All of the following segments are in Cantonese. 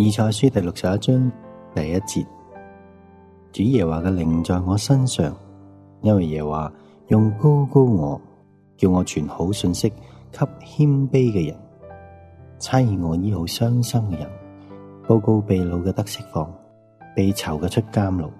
以賽亞書第六十一章第一節，主耶和華嘅靈在我身上，因為耶和華用膏膏我，叫我傳好信息給謙卑嘅人，差遣我醫好傷心嘅人，報告被擄嘅得釋放，被囚嘅出監牢。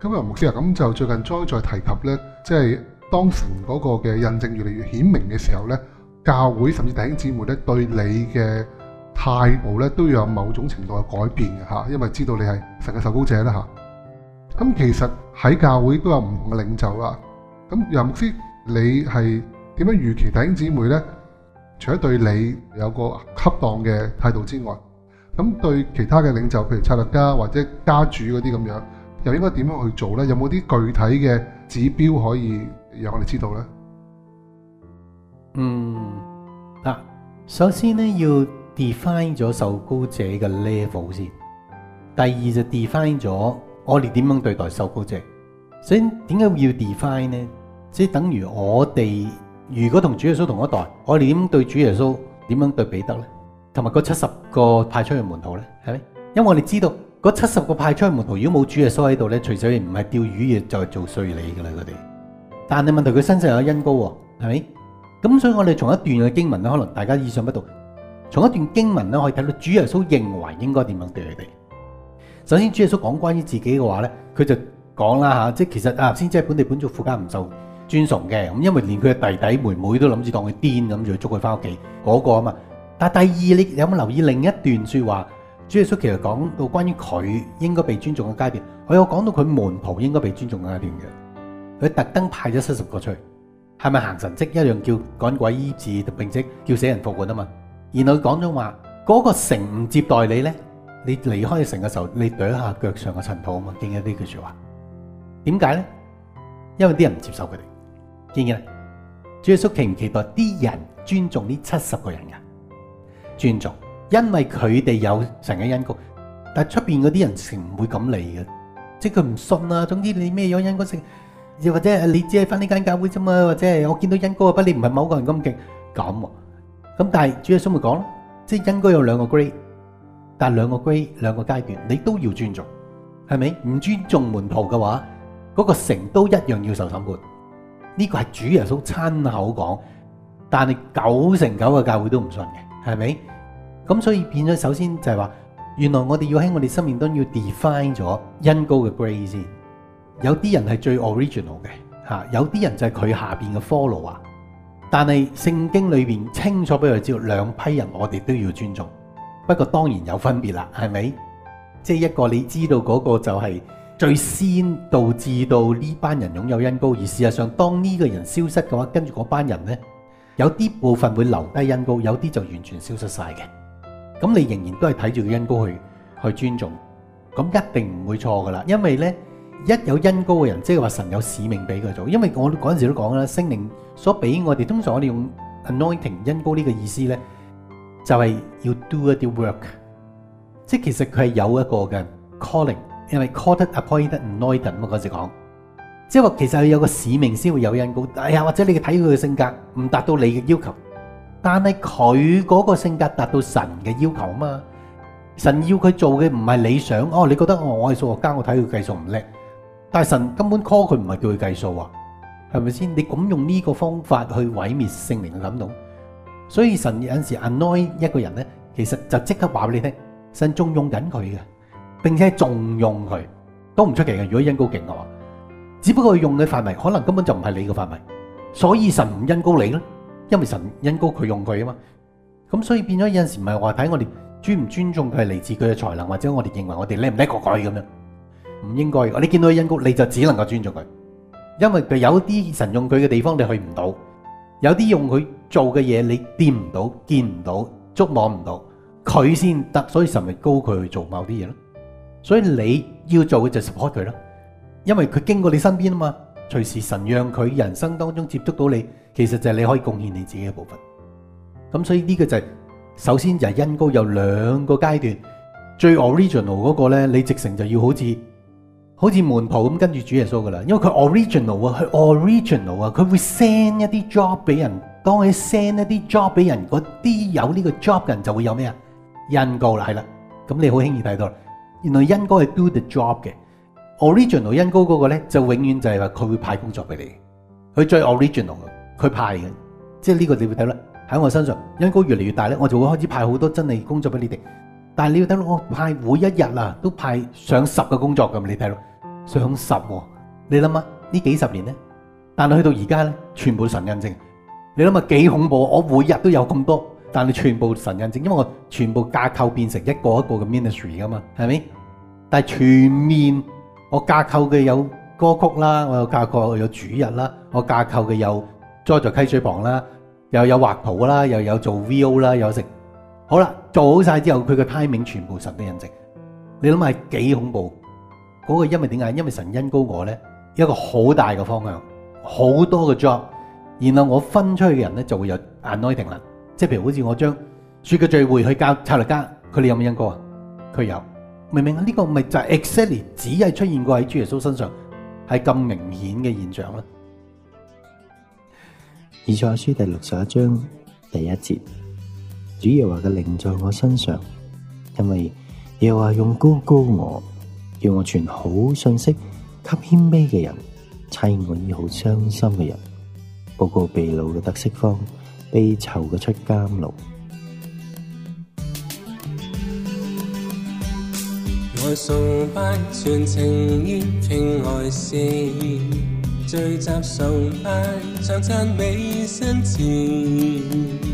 今日牧師啊，咁就最近再再提及咧，即係當時嗰個嘅印證越嚟越顯明嘅時候咧，教會甚至弟兄姊妹咧對你嘅。態度咧都要有某種程度嘅改變嘅吓，因為知道你係神嘅受膏者啦吓。咁其實喺教會都有唔同嘅領袖啦。咁梁牧師，你係點樣預期弟兄姊妹咧？除咗對你有個恰當嘅態度之外，咁對其他嘅領袖，譬如策略家或者家主嗰啲咁樣，又應該點樣去做咧？有冇啲具體嘅指標可以讓我哋知道咧？嗯，嗱，首先咧要。define 咗受膏者嘅 level 先，第二就 define 咗我哋點樣對待受膏者。所以點解要 define 咧？即係等於我哋如果同主耶穌同一代，我哋點對主耶穌？點樣對彼得呢？同埋嗰七十個派出去門徒呢，係咪？因為我哋知道嗰七十個派出去門徒，如果冇主耶穌喺度呢，除咗唔係釣魚嘅，就係做稅吏噶啦佢哋。但係問題佢身上有恩膏喎，係咪？咁所以我哋從一段嘅經文咧，可能大家意想不到。從一段經文咧，可以睇到主耶穌認為應該點樣對佢哋。首先，主耶穌講關於自己嘅話咧，佢就講啦吓，即係其實啊，先知本地本族父家唔受尊崇嘅，咁因為連佢嘅弟弟妹妹都諗住當佢癲咁，就捉佢翻屋企嗰個啊嘛。但係第二，你有冇留意另一段說話？主耶穌其實講到關於佢應該被尊重嘅階段，佢有講到佢門徒應該被尊重嘅階段嘅。佢特登派咗七十個出去，係咪行神跡一樣叫趕鬼醫治，並且叫死人復活啊嘛？然後講咗話，嗰個城唔接待你咧，你離開城嘅時候，你搲下腳上嘅塵土啊嘛。記唔記得呢句說話，點解咧？因為啲人唔接受佢哋。記唔記得？主耶穌期唔期待啲人尊重呢七十個人㗎？尊重，因為佢哋有成日恩膏，但出邊嗰啲人成日唔會咁嚟嘅，即佢唔信啊。總之你咩樣恩膏性，又或者你只係返呢間教會啫嘛，或者係我見到恩膏不？你唔係某個人咁勁咁。咁但係主耶穌咪講咯，即係恩膏有兩個 grade，但係兩個 grade 兩個階段，你都要尊重，係咪？唔尊重門徒嘅話，嗰、那個城都一樣要受審判。呢、這個係主耶穌親口講，但係九成九嘅教會都唔信嘅，係咪？咁所以變咗，首先就係話，原來我哋要喺我哋生命當中要 define 咗恩膏嘅 grade 先。有啲人係最 original 嘅吓，有啲人就係佢下邊嘅 follow 啊、er。但係聖經裏邊清楚俾佢知道，兩批人我哋都要尊重，不過當然有分別啦，係咪？即係一個你知道嗰個就係最先導致到呢班人擁有恩膏，而事實上當呢個人消失嘅話，跟住嗰班人呢，有啲部分會留低恩膏，有啲就完全消失晒嘅。咁你仍然都係睇住個恩膏去去尊重，咁一定唔會錯噶啦，因為呢。一有恩膏嘅人，即係話神有使命俾佢做，因為我嗰陣時都講啦，聖靈所俾我哋，通常我哋用 anointing 恩膏呢個意思咧，就係、是、要 do 一啲 work，即係其實佢係有一個嘅 calling，因為 called、it, appointed it, an、anointed 嘛，嗰陣時講，即係話其實佢有個使命先會有恩膏。哎呀，或者你嘅睇佢嘅性格唔達到你嘅要求，但係佢嗰個性格達到神嘅要求啊嘛，神要佢做嘅唔係理想哦，你覺得我我係數學家，我睇佢計數唔叻。但係神根本 call 佢唔係叫佢計數啊，係咪先？你咁用呢個方法去毀滅聖靈嘅感動？所以神有陣時 annoy 一個人咧，其實就即刻話俾你聽，神重用緊佢嘅，並且重用佢都唔出奇嘅。如果恩膏勁嘅話，只不過佢用嘅範圍可能根本就唔係你嘅範圍，所以神唔恩膏你咯，因為神恩膏佢用佢啊嘛。咁所以變咗有陣時唔係話睇我哋尊唔尊重佢係嚟自佢嘅才能，或者我哋認為我哋叻唔叻過佢咁樣。唔應該，你見到恩哥，你就只能夠尊重佢，因為佢有啲神用佢嘅地方，你去唔到；有啲用佢做嘅嘢，你掂唔到、見唔到、觸摸唔到，佢先得，所以神咪高佢去做某啲嘢咯。所以你要做嘅就 support 佢咯，因為佢經過你身邊啊嘛。隨時神讓佢人生當中接觸到你，其實就係你可以貢獻你自己嘅部分。咁所以呢個就係，首先就係恩哥有兩個階段，最 original 嗰個咧，你直成就要好似。好似門徒咁跟住主耶穌噶啦，因為佢 original 啊，佢 original 啊，佢會 send 一啲 job 俾人。當佢 send 一啲 job 俾人，嗰啲有呢個 job 嘅人就會有咩啊？恩膏啦，係啦，咁你好輕易睇到啦。原來恩膏係 do the job 嘅，original 恩膏嗰個咧就永遠就係話佢會派工作俾你，佢最 original 嘅，佢派嘅，即係呢個你會睇啦。喺我身上，恩膏越嚟越大咧，我就會開始派好多真理工作俾你哋。但係你要等我派每一日啊，都派上十個工作咁，你睇到上十喎，啊，你諗下呢幾十年咧？但係去到而家咧，全部神印證。你諗下幾恐怖？我每日都有咁多，但係全部神印證，因為我全部架構變成一個一個嘅 ministry 啊嘛，係咪？但係全面我架構嘅有歌曲啦，我有架構有主日啦，我架構嘅有栽在溪水旁啦，又有畫譜啦，又有做 VO 啦，又有食。好啦，做好晒之後，佢嘅 timing 全部神都印證，你諗下幾恐怖？嗰、那個因為點解？因為神恩膏我咧，有一個好大嘅方向，好多嘅 job 然後我分出去嘅人咧就會有 anointing 啦。即係譬如好似我將說嘅聚會去教策略家，佢哋有冇恩膏啊？佢有，明唔明啊？呢、這個咪就係 exactly 只係出現過喺主耶穌身上，係咁明顯嘅現象咯。以賽亞書第六十一章第一節。主耶和華嘅靈在我身上，因為耶和華用膏膏我，叫我傳好信息，給謙卑嘅人，差我醫好傷心嘅人，報告被擄嘅得釋放，被囚嘅出監牢。我崇拜全情意，聽外詩，聚集崇拜唱讚美新詞。